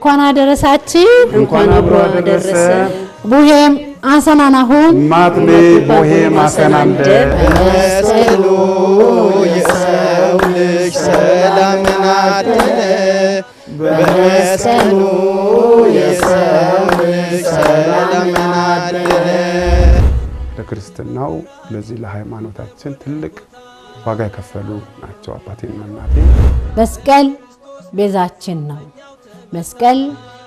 እንኳን አደረሳችሁ፣ እንኳን አብሮ አደረሰ። ቡሄም አሰናናሁን ማትሌ ቡሄም አሰናንደ መስቀሉ የሰው ልጅ ሰላምን አዳነ። በመስቀሉ የሰው ልጅ ሰላምን አዳነ። ለክርስትናው ለዚህ ለሃይማኖታችን ትልቅ ዋጋ የከፈሉ ናቸው አባቴና እናቴ። መስቀል ቤዛችን ነው። መስቀል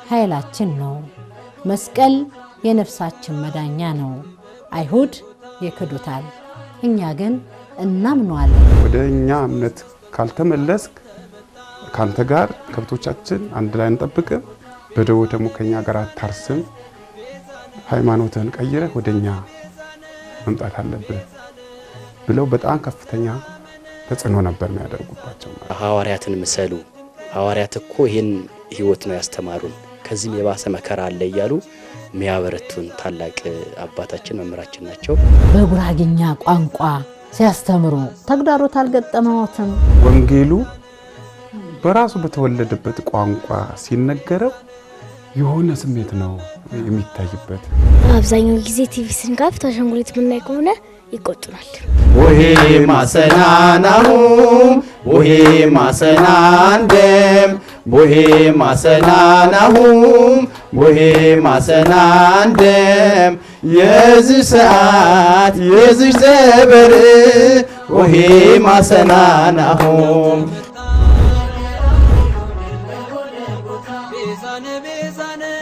ኃይላችን ነው። መስቀል የነፍሳችን መዳኛ ነው። አይሁድ ይክዱታል፣ እኛ ግን እናምነዋለን። ወደ እኛ እምነት ካልተመለስክ ከአንተ ጋር ከብቶቻችን አንድ ላይ አንጠብቅም፣ በደቦ ደግሞ ከእኛ ጋር አታርስም። ሃይማኖትህን ቀይረህ ወደ እኛ መምጣት አለብህ ብለው በጣም ከፍተኛ ተጽዕኖ ነበር የሚያደርጉባቸው። ሐዋርያትን ምሰሉ። ሐዋርያት እኮ ይህን ህይወት ነው ያስተማሩን። ከዚህም የባሰ መከራ አለ እያሉ ሚያበረቱን ታላቅ አባታችን መምህራችን ናቸው። በጉራግኛ ቋንቋ ሲያስተምሩ ተግዳሮት አልገጠመዎትም? ወንጌሉ በራሱ በተወለደበት ቋንቋ ሲነገረው የሆነ ስሜት ነው የሚታይበት። አብዛኛው ጊዜ ቲቪ ስንጋፍ አሻንጉሊት ምናይ ከሆነ ይቆጡናል። ወሄ ማሰናናሁም ወሄ ማሰናንደም ቡሄ ማሰናናሁም ቡሄ ማሰናንደም የዚህ ሰዓት የዚህ ዘበር ቡሄ ማሰናናሁም ቤዛነ